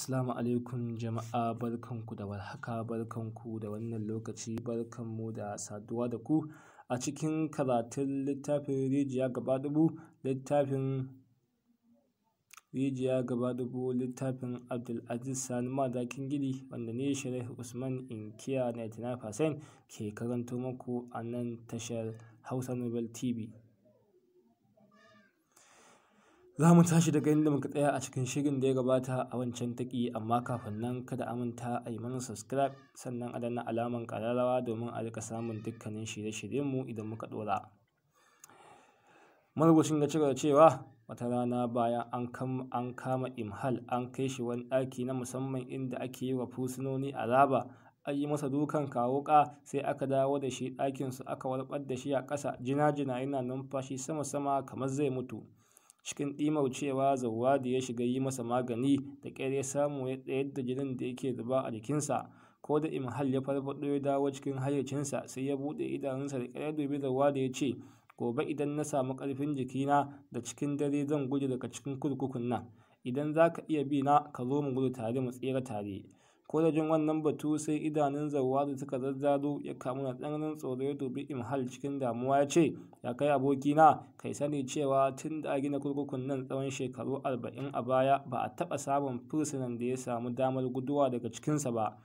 Assalamu alaikum jama'a barkanku da warhaka barkanku da wannan lokaci barkanmu da saduwa da ku a cikin karatun littafin rijiya gaba dubu littafin rijiya gaba dubu littafin Abdulaziz Sani Madakin Gidi wanda ne Sharif Usman Inkiya 99% ke karanto muku a nan tashar Hausa Nobel TV za mu tashi daga inda muka tsaya a cikin shirin da ya gabata a wancan taki amma kafin nan kada aminta a yi mana subscribe sannan a danna alaman kararrawa domin a rika samun dukkanin shirye shiryen mu idan muka dora marubucin ya cigaba cewa wata rana bayan an kama imhal an kai shi wani ɗaki na musamman inda ake yi wa fursunoni raba an yi masa dukan kawuka sai aka dawo da shi ɗakinsu aka warɓar da shi a ƙasa jina-jina yana numfashi sama-sama kamar zai mutu cikin ɗimar zauwa zawadi ya shiga yi masa magani da ƙyar ya samu ya tsayar da jinin da yake zuba a jikinsa ko da imhal ya farfaɗo ya dawo cikin hayyacinsa sai ya buɗe idanunsa da ƙyar dubi zawadi ya ce gobe idan na samu ƙarfin jikina da cikin dare zan guje daga cikin kurkukun nan idan za ka iya bi na ka zo mu gudu tare mu tsira tare ko da jin wannan batu sai idanun da suka zazzado ya kamu na tsananin tsoro ya dubi imhal cikin damuwa ya ce ya kai abokina kai sani cewa tun da gina kurkukun nan tsawon shekaru arba'in a baya ba a taɓa samun fursunan da ya samu damar guduwa daga cikinsa ba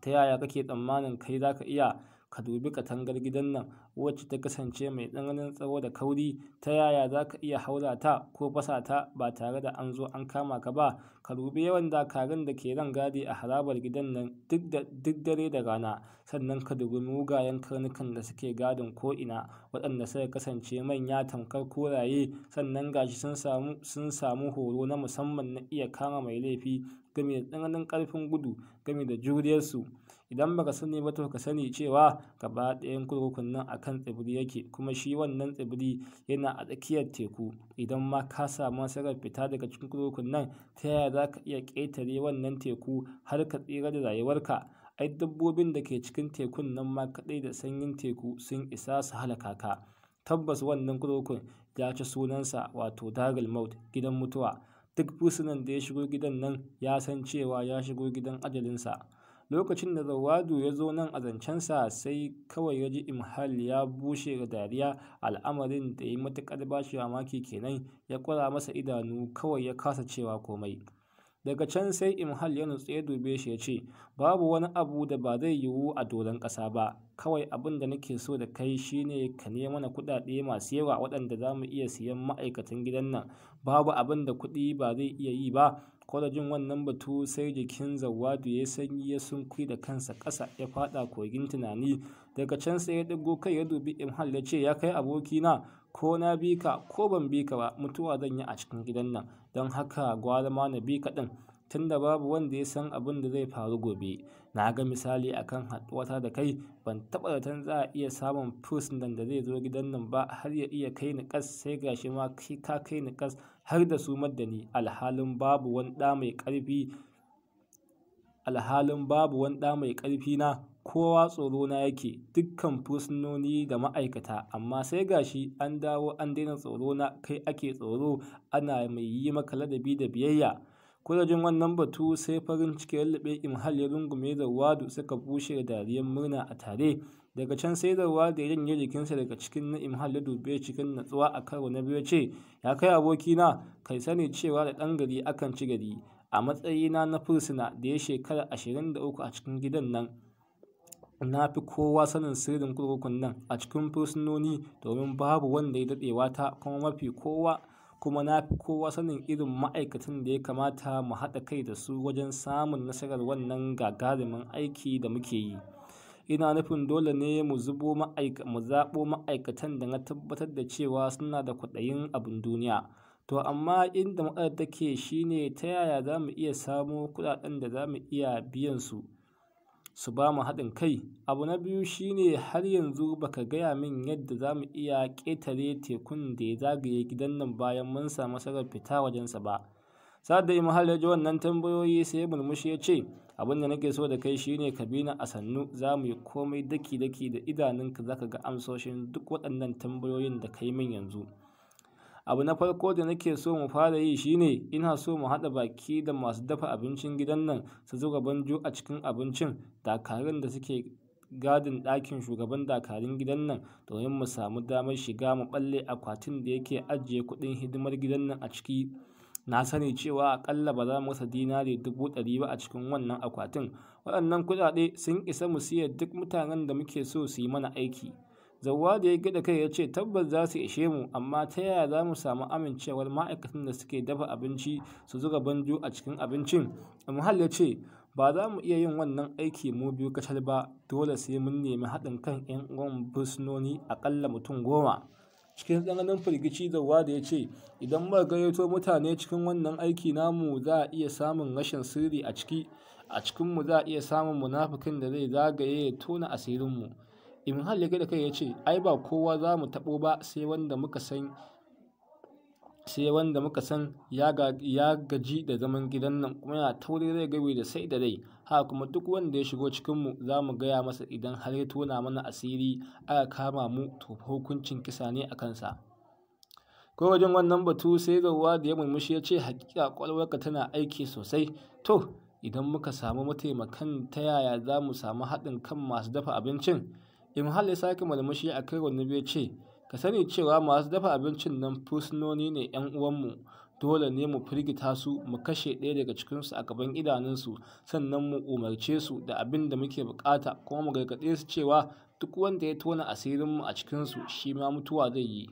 ta yaya kake tsammanin kai za ka iya ka dubi katangar gidan nan wacce ta kasance mai tsananin tsawo da kauri ta yaya za ka iya haura ta ko fasa ta ba tare da an zo an kama ka ba ka dubi yawan dakarun da ke ran gadi a harabar gidan nan duk dare da rana sannan ka dubi mugayen karnukan da suke gadin ko ina waɗanda suka kasance manya tamkar koraye sannan gashi sun samu horo na musamman na iya kama mai laifi game da tsananin ƙarfin gudu game da juriyarsu idan baka sani ba to ka sani cewa gaba ɗayan kurkukun nan a kan tsibiri yake kuma shi wannan tsibiri yana a tsakiyar teku idan ma ka samu nasarar fita daga cikin kurkukun nan ta yaya za ka iya ƙetare wannan teku har ka tsira da rayuwarka ai dabbobin da ke cikin tekun nan ma kaɗai da sanyin teku sun isa su halaka ka tabbas wannan kurkukun ya ci sunansa wato dagal maut gidan mutuwa duk fusunan da ya shigo gidan nan ya san cewa ya shigo gidan ajalinsa lokacin da zawadu ya zo nan a zancensa sai kawai ya ji imhal ya bushe ga dariya al'amarin da ya yi matuƙar bashi maki kenan ya ƙura masa idanu kawai ya kasa cewa komai daga can sai imhal ya nutse ya dube shi ya ce babu wani abu da ba zai yiwu a doron ƙasa ba kawai abin da nake so da kai shine ka ne mana kuɗaɗe masu yawa waɗanda za mu iya siyan ma'aikatan gidan nan babu abin da kuɗi ba zai iya yi ba ko wannan batu sai jikin zawadu ya sanyi ya sunkuyi da kansa ƙasa ya faɗa kogin tunani daga can sai ya dago kai ya dubi imhal ya ce ya kai abokina ko na bi ka ko ban bi ka ba mutuwa zan yi a cikin gidan nan don haka gwalama na bi ka ɗin tunda babu wanda ya san abin da zai faru gobe na ga misali akan haɗuwata da kai ban taɓa zaton za a iya samun nan da zai zo gidan nan ba har ya iya kai ni ƙas sai gashi ma kai ka kai ni ƙas har da su madda ni alhalin babu wani ɗa mai ƙarfi alhalin babu wani ɗa mai ƙarfi na kowa tsoro na yake dukkan fursunoni da ma'aikata amma sai gashi an dawo an daina tsoro na kai ake tsoro ana mai yi maka ladabi da biyayya Kuna wannan batu sai farin ciki ya lullube Imhal ya rungume wadu suka bushe da dariyar murna a tare. Daga can sai wadu ya janye jikinsa daga cikin na Imhal ya dube cikin natsuwa a karo na biyu ce, Ya kai abokina, kai sani cewa da ɗan gari akan ci gari. A matsayina na fursuna da ya shekara ashirin da uku a cikin gidan nan, na fi kowa sanin sirrin kurkukun nan a cikin fursunoni domin babu wanda ya daɗewa ta kuma mafi kowa kuma na fi kowa sanin irin ma'aikatan da ya kamata mu haɗa kai da su wajen samun nasarar wannan gagarumin aiki da muke yi. Ina nufin dole ne mu zubo zaɓo ma'aikatan da na tabbatar da cewa suna da kwaɗayin abin duniya. To amma inda matsalar take shi ta yaya za mu iya samo kuɗaɗen da za mu iya biyan su. su ba mu haɗin kai. Abu na biyu shine har yanzu baka gaya min yadda za mu iya ƙetare tekun da ya zagaye gidan nan bayan mun samu sarar fita wajensa ba. Sa'ad da Imahal ya ji wannan tambayoyi sai murmushi ya ce, abin da nake so da kai shine ka bi na a sannu za mu yi komai daki-daki da idanunka za ka ga amsoshin duk waɗannan tambayoyin da ka yi min yanzu. abu na farko da nake so mu fara yi shine ina so mu haɗa baki da masu dafa abincin gidan nan su zuba banjo a cikin abincin dakarun da suke gadin ɗakin shugaban dakarun gidan nan domin mu samu damar shiga mu ɓalle akwatin da yake ajiye kuɗin hidimar gidan nan a ciki na sani cewa aƙalla ba za mu rasa dinari dubu ɗari ba a cikin wannan akwatin waɗannan kuɗaɗe sun isa mu siya duk mutanen da muke so su yi mana aiki Zawadu ya gida kai ya ce tabbas za su ishe mu amma ta yaya za mu samu amincewar ma'aikatan da suke dafa abinci su zuga banjo a cikin abincin? Imhal ya ce ba za mu iya yin wannan aiki mu biyu kacal ba dole sai mun nemi haɗin kan 'yan uwan fursunoni aƙalla mutum goma. cikin tsananin firgici zauwa ya ce idan a gayyato mutane cikin wannan aiki namu za a iya samun rashin sirri a ciki a cikinmu za a iya samun munafikin da zai zagaye ya tona asirinmu hal ya gada kai ya ce ai ba kowa za mu taɓo ba sai wanda muka san ya gaji da zaman gidan nan kuma yana tauri zai gabe da sai da rai haka kuma duk wanda ya shigo cikinmu za mu gaya masa idan har ya tona mana asiri aka kama mu to hukuncin kisa ne a kansa ko wajen wannan batu sai zauwa da ya murmushi ya ce hakika kwalwarka tana aiki sosai to idan muka samu mataimakan ta yaya za mu samu haɗin kan masu dafa abincin imhal ya sake malmashi a kai wani bai ce ka sani cewa masu dafa abincin nan fursunoni ne yan uwanmu dole ne mu firgita su mu kashe ɗaya daga cikinsu a gaban idanunsu sannan mu umarce su da abin da muke bukata kuma mu gargaɗe su cewa duk wanda ya tona asirinmu a cikinsu shi ma mutuwa zai yi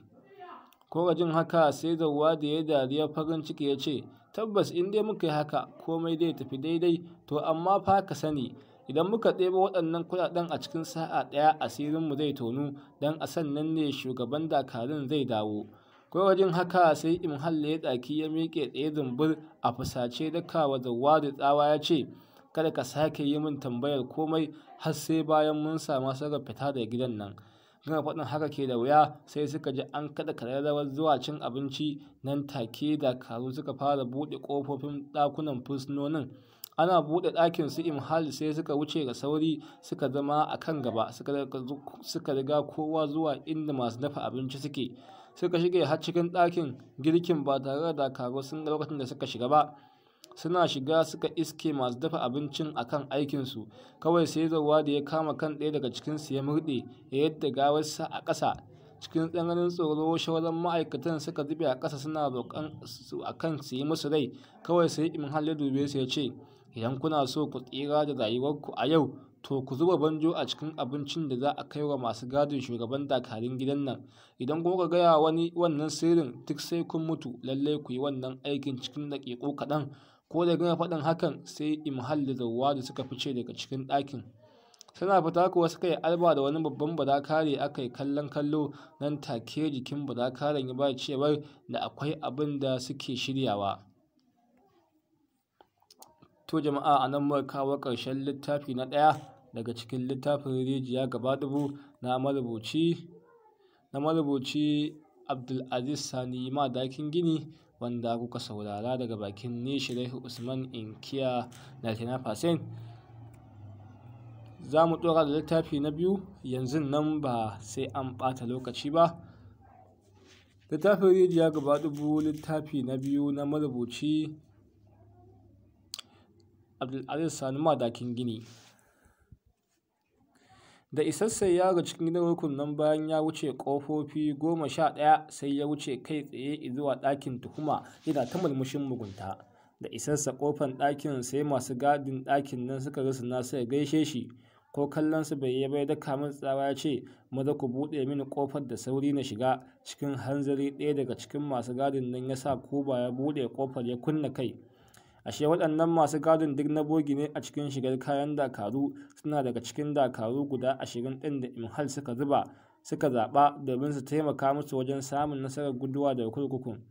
korajin haka sai da ruwa da ya dariya farin ciki ya ce tabbas in dai muka yi haka komai zai tafi daidai to amma fa ka sani idan muka ɗebo waɗannan kuɗaɗen a cikin sa'a ɗaya asirinmu zai tonu don a sannan ne shugaban dakarun zai dawo wajen haka sai halle ya tsaki ya miƙe tsaye zumbur a fusace dakawa wa zawadu tsawa ya ce kada ka sake yi min tambayar komai har sai bayan mun samu sarar fita da gidan nan gama faɗin haka ke da wuya sai suka ji an kada kararrawar zuwa cin abinci nan take dakaru suka fara buɗe ƙofofin ɗakunan fursunonin ana buɗe ɗakin su imhal sai suka wuce ga sauri suka zama a kan gaba suka riga kowa zuwa inda masu dafa abinci suke suka shige har cikin ɗakin girkin ba tare da dakaru sun lokacin da suka shiga ba suna shiga suka iske masu dafa abincin a kan aikinsu kawai sai zauwa da ya kama kan ɗaya daga cikinsu ya murɗe ya yadda gawarsa a ƙasa cikin tsananin tsoro shawarar ma'aikatan suka zube a ƙasa suna roƙon su a kan su yi musu rai kawai sai imhal ya dube su ya ce idan kuna so ku tsira da rayuwarku a yau to ku zuba banjo a cikin abincin da za a kai wa masu gadin shugaban dakarun gidan nan idan kuma ka gaya wani wannan sirrin duk sai kun mutu lallai ku yi wannan aikin cikin daƙiƙo kaɗan ko da gina faɗin hakan sai imhal da zawwa da suka fice daga cikin ɗakin suna fita kuwa suka yi alba da wani babban badakare aka yi kallon kallo nan take jikin badakaren ya ba cewar da akwai abin da suke shiryawa to jama'a a nan muka kawo ƙarshen littafi na ɗaya daga cikin littafin rijiya gaba dubu na marubuci na marubuci abdulaziz sani madakin gini wanda kuka saurara daga bakin ni shirehu usman inkiya 99% za mu ɗora da littafi na biyu yanzu nan ba sai an ɓata lokaci ba littafin rijiya gaba dubu littafi na biyu na marubuci Abdulaziz Sani Madakin Gini. Da isassa ga cikin gidan hukunan bayan ya wuce ƙofofi goma sha ɗaya sai ya wuce kai tsaye zuwa ɗakin tuhuma yana ta mulmushin mugunta. Da isassa ƙofan ɗakin sai masu gadin ɗakin nan suka rasa na sai gaishe shi ko kallon su bai yi bai daka min tsawa ya ce maza ku buɗe mini kofar da sauri na shiga cikin hanzari ɗaya daga cikin masu gadin nan ya sa kuba ya buɗe ƙofar ya kunna kai. ashe waɗannan masu gadin duk na bogi ne a cikin shigar kayan dakaru suna daga cikin dakaru guda ashirin ɗin da imhal suka zuba suka zaɓa domin su taimaka musu wajen samun nasarar guduwa da kurkukun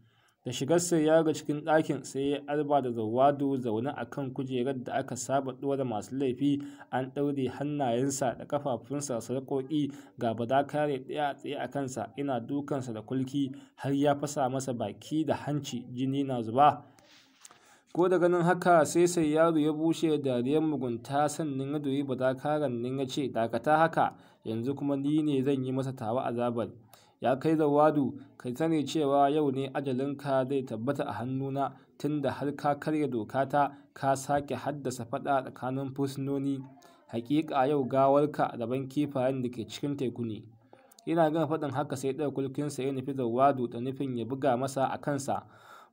da shigar sai ya ga cikin ɗakin sai ya arba da zawadu zaune a kan kujerar da aka saba ɗora masu laifi an ɗaure hannayensa da kafafunsa sarƙoƙi ga bada kare ɗaya a tsaye a kansa ina dukansa da kulki har ya fasa masa baki da hanci jini na zuba ko da ganin haka sai sai yaro ya bushe dariyar mugunta sannan ya doyi badakaran nan ya ce dakata haka yanzu kuma ni ne zan yi masa tawa azabar ya kai zawadu kai sani cewa yau ne ajalinka zai tabbata a hannuna tunda har ka karya dokata ka sake haddasa faɗa tsakanin fursunoni hakika yau gawarka daban kifayen da ke cikin teku ne ina gama faɗin haka sai ɗaya kulkinsa ya nufi wadu da nufin ya buga masa a kansa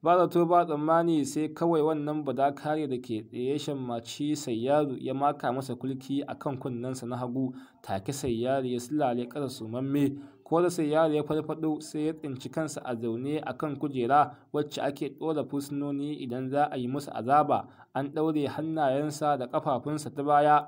ba zato ba tsammani sai kawai wannan badakare da ke tsaye shammaci sayyaru ya maka masa kulki a kan kunnensa na hagu take sayyaru ya silale ƙasa sumamme ko da sayyaru ya farfaɗo sai ya tsinci kansa a zaune a kan kujera wacce ake ɗora fursunoni idan za a yi musu azaba an ɗaure hannayensa da ƙafafunsa ta baya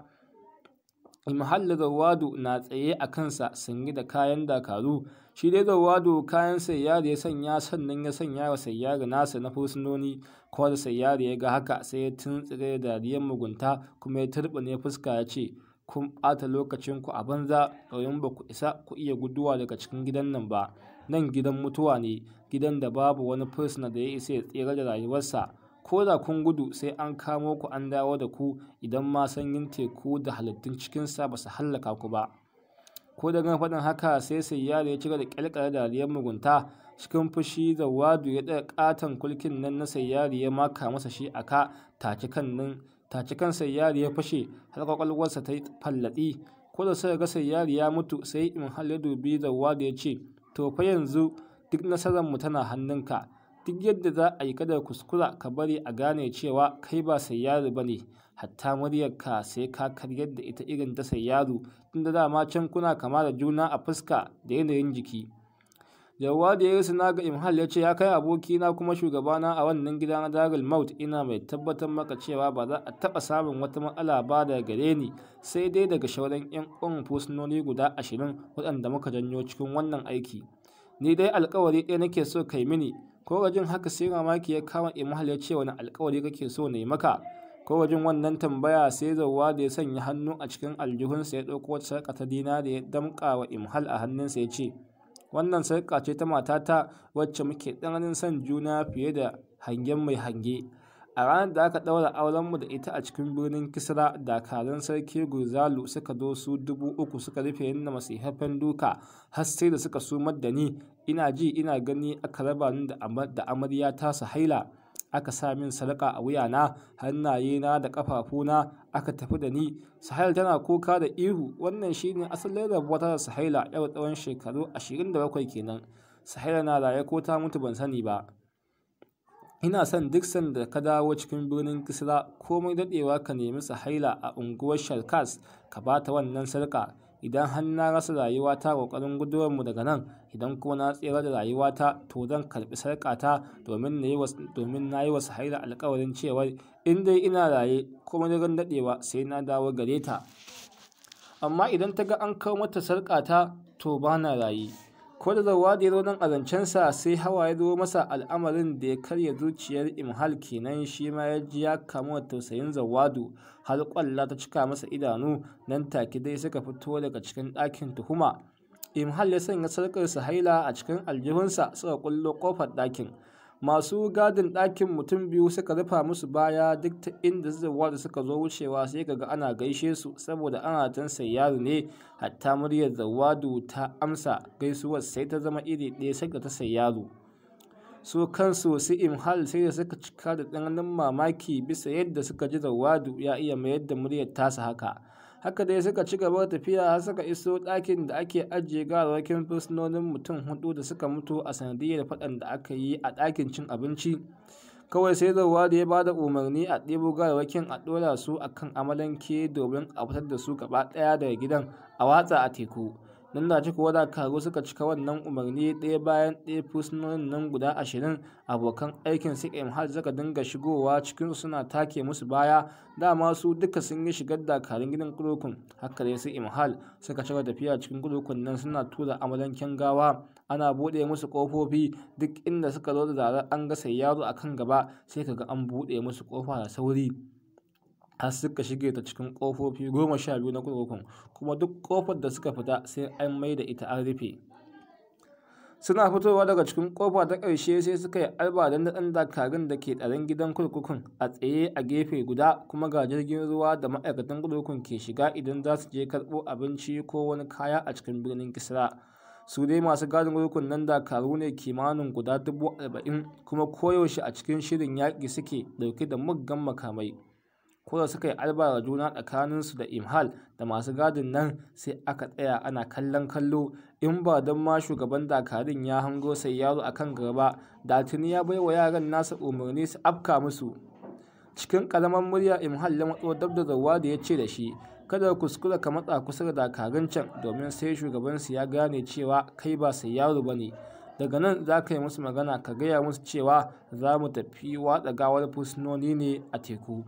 imhallin rawadu na tsaye a kansa sanye da kayan dakaru shi dai da wado kayan sayyari ya sanya sannan ya sanya wa sayyari nasa na fursunoni kuma da sayyari ya ga haka sai ya tuntsire da dariyar mugunta kuma ya ne fuska ya ce kun ɓata lokacin ku a banza ɗoyin ba ku isa ku iya guduwa daga cikin gidan nan ba nan gidan mutuwa ne gidan da babu wani fursuna da ya isa ya tsira da rayuwarsa ko da kun gudu sai an kamo ku an dawo da ku idan ma sanyin teku da halittun cikinsa ba su hallaka ku ba ko da gan faɗin haka sai sai ya cika da da dariyar mugunta cikin fushi da wadu ya ɗaya ƙaton kulkin nan na sayyari ya maka masa shi aka ka kan nan kan sayyari ya fashe har kwakwalwarsa ta yi fallaɗi ko da suka ga sayyari ya mutu sai in hal ya dubi da wadu ya ce to fa yanzu duk nasararmu tana hannunka duk yadda za a yi kada kuskura ka bari a gane cewa kai ba sayyari ba ne hatta muryarka sai ka karyar da ita irin ta sayyaru tunda ma can kuna kama da juna a fuska da yanayin jiki yawwa da ya na ga imhal ya ce ya kai abokina kuma shugabana a wannan gida na darul maut ina mai tabbatar maka cewa ba za a taɓa samun wata matsala ba da gare ni sai dai daga shauran yan kun fursunoni guda ashirin waɗanda muka janyo cikin wannan aiki ni dai alkawari ɗaya nake so kai mini ko haka sai mamaki ya kama imhal ya ce wani alkawari kake so ne maka ko wannan tambaya sai zauwa da ya sanya hannu a cikin aljihunsa ya ɗauko wata sarƙa ta dina da ya damƙa wa imhal a hannunsa ya ce wannan sarƙa ce ta matata wacce muke ɗananin son juna fiye da hangen mai hange a ranar da aka ɗaura mu da ita a cikin birnin kisra dakarun sarki gurzalu suka zo su dubu uku suka rufe na masihaffen duka har sai da suka sumar da ni ina ji ina gani aka raba ni da amarya ta sahaila aka sa min sarƙa a wuyana hannaye na da ƙafafuna aka tafi da ni Suhaila tana kuka da ihu wannan shine asalin ta da sahaila yau tsawon shekaru 27 kenan Suhaila na raye ko ta mutu ban sani ba ina son duk sanda ka dawo cikin birnin Kisra komai dadewa ka nemi sahaila a unguwar shalkas ka bata wannan sarƙa idan har na rasa rayuwata ƙoƙarin guduwarmu daga nan idan kuma na tsira da rayuwata to zan karɓi sarƙata domin na yi domin na wasu haira alƙawarin cewar in dai ina raye kuma daren daɗewa sai na dawo gare ta amma idan ta ga an kawo mata sarƙata to ba na raye ko da zawadi ya zo nan a sai hawa ya zo masa al'amarin da ya karya zuciyar imhal kenan shi ma ya ji ya kamu da tausayin zawadu har kwalla ta cika masa idanu nan take dai suka fito daga cikin ɗakin tuhuma imhal ya sanya sarƙar haila a cikin aljihunsa suka kullo ƙofar ɗakin masu gadin ɗakin mutum biyu suka rufa musu baya duk ta inda zuwa da suka zo wucewa sai kaga ana gaishe su saboda ana sai yaro ne hatta muryar zawadu ta amsa gaisuwar sai ta zama iri ɗaya sai ta yaro su kansu su imhal sai da suka cika da ɗanɗanon mamaki bisa yadda suka ji zawadu ya iya mayar da muryar tasa haka haka dai suka ci gaba tafiya har suka iso ɗakin da ake ajiye gawarwakin fursunonin mutum hudu da suka mutu a sanadiyar faɗan da aka yi a ɗakin cin abinci kawai sai zauwa da ya ba da umarni a ɗebo gawarwakin a ɗora su akan amalanke domin a fitar da su gaba ɗaya daga gidan a watsa a teku nan da ci kuwa dakaru suka cika wannan umarni ɗaya bayan ɗaya fursunonin nan guda ashirin abokan aikin su har zaka dinga shigowa cikinsu suna take musu baya dama su duka sun yi shigar dakarun gidan kurukun haka dai su imhal suka cika tafiya cikin kurokun nan suna tura kyan gawa ana buɗe musu kofofi duk inda suka zo da zarar an ga sai yaro kan gaba sai kaga an buɗe musu kofa da sauri har suka shige ta cikin kofofi goma sha biyu na kurkukun kuma duk ƙofar da suka fita sai an mai da ita an rufe suna fitowa daga cikin ƙofa ta ƙarshe sai suka yi alba don da dakarun da ke tsaron gidan kurkukun a tsaye a gefe guda kuma ga jirgin ruwa da ma'aikatan kurkukun ke shiga idan za su je karɓo abinci ko wani kaya a cikin birnin kisra su dai masu gadin kurkukun nan dakaru ne kimanin guda dubu arba'in kuma koyaushe a cikin shirin yaƙi suke ɗauke da muggan makamai ko suka yi albara juna tsakaninsu da imhal da masu gadin nan sai aka tsaya ana kallon kallo in ba don ma shugaban dakarun ya hango sai yaro a kan gaba da tuni ya bai wa yaran nasa umarni su afka musu cikin karamar murya imhal ya matso dab da zawa da ya ce da shi kada kuskura ka matsa kusa da dakarun can domin sai shugabansu ya gane cewa kai ba sai yaro ba ne daga nan za ka yi musu magana ka gaya musu cewa za mu tafi watsa gawar fursunoni ne a teku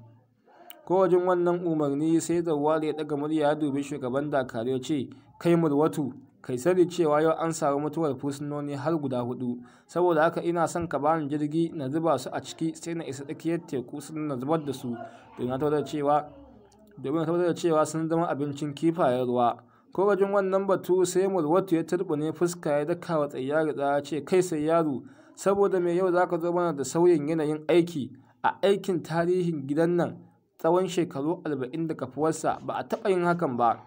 ko wannan umarni sai zawali ya daga murya ya dubi shugaban dakaru ya ce kai murwatu kai sani cewa yau an samu mutuwar fursunoni har guda hudu saboda haka ina son ka bani jirgi na zuba su a ciki sai na isa tsakiyar teku su na zubar da su domin na cewa domin da cewa sun zama abincin kifayen ruwa ko wannan batu sai murwatu ya turbune fuska ya daka wa tsayyari tsaya ce kai sai yaro saboda me yau zaka zo mana da sauyin yanayin aiki a aikin tarihin gidan nan tsawon shekaru arba'in da kafuwarsa ba a taɓa yin hakan ba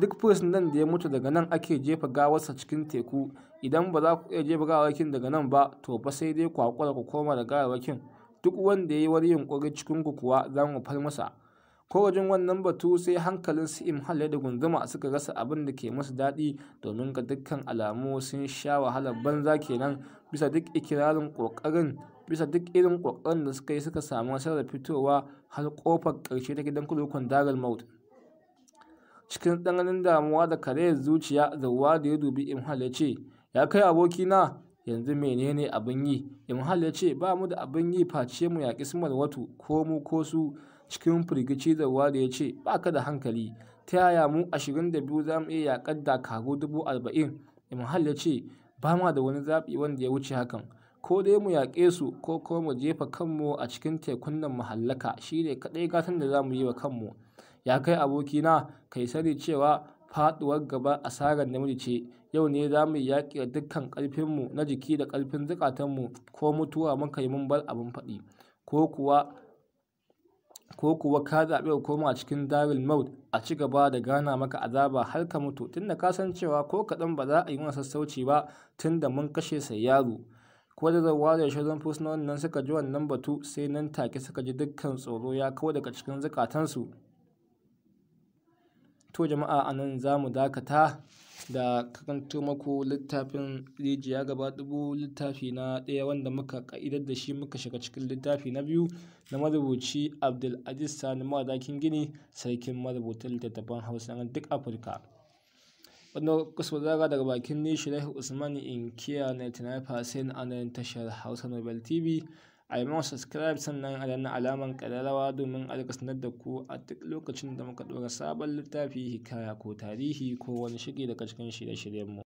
duk fursunan da ya mutu daga nan ake jefa gawarsa cikin teku idan ba za ku iya jefa gawarwakin daga nan ba to ba sai dai kwakwara ku koma da gawarwakin duk wanda ya yi wani yunƙuri cikin ku kuwa za mu far masa wajen wannan batu sai hankalin su imhal da gunduma suka rasa abin da ke musu daɗi domin ga dukkan alamu sun sha wahalar banza kenan bisa duk ikirarin ƙoƙarin bisa duk irin ƙoƙarin da suka yi suka samu nasarar fitowa har kofar ƙarshe ta gidan kurkukun dagal maut cikin ɗanganin damuwa da kare zuciya da ya dubi imhal ya ce ya kai abokina yanzu menene abin yi imhal ya ce ba mu da abin yi face mu yaƙi su watu ko mu ko su cikin firgici da ya ce ba ka da hankali ta yaya mu ashirin da biyu za mu iya yaƙar dakaru dubu arba'in imhal ya ce ba ma da wani zaɓi wanda ya wuce hakan ko dai mu yaƙe su ko kuma mu jefa kanmu a cikin tekun nan mahallaka shi ne kaɗai gatan da za mu yi wa kanmu ya kai abokina kai sani cewa faɗuwar gaba asarar namiji ce yau ne za mu yaƙi da dukkan ƙarfinmu na jiki da ƙarfin zukatanmu ko mutuwa muka yi mun bar abin faɗi ko kuwa ko kuwa ka zaɓi koma cikin daril maut a ci gaba da gana maka azaba har ka mutu tunda ka san cewa ko kaɗan ba za a yi masa sassauci ba tunda mun kashe sai yaro Kwarzazzawa da shirin fursunonin nan suka ji wannan batu sai nan take suka ji dukkan tsoro ya kawo daga cikin zukatansu. To jama'a a nan za mu dakata da karanto maku littafin rijiya gaba dubu littafi na ɗaya wanda muka ƙa'idar da shi muka shiga cikin littafi na biyu na marubuci Abdulaziz Sani Madakin Gini sarkin marubutan littattafan Hausa na duk Afirka. Wannan kuka daga bakin ni Shirahi Usman Inkiya 99% a nan tashar Hausa Nobel TV. A yi mawa subscribe sannan a danna alamar ƙararrawa domin a sanar da ku a duk lokacin da muka ɗora sabon littafi, hikaya ko tarihi ko wani shiri daga cikin shirye shiryen mu.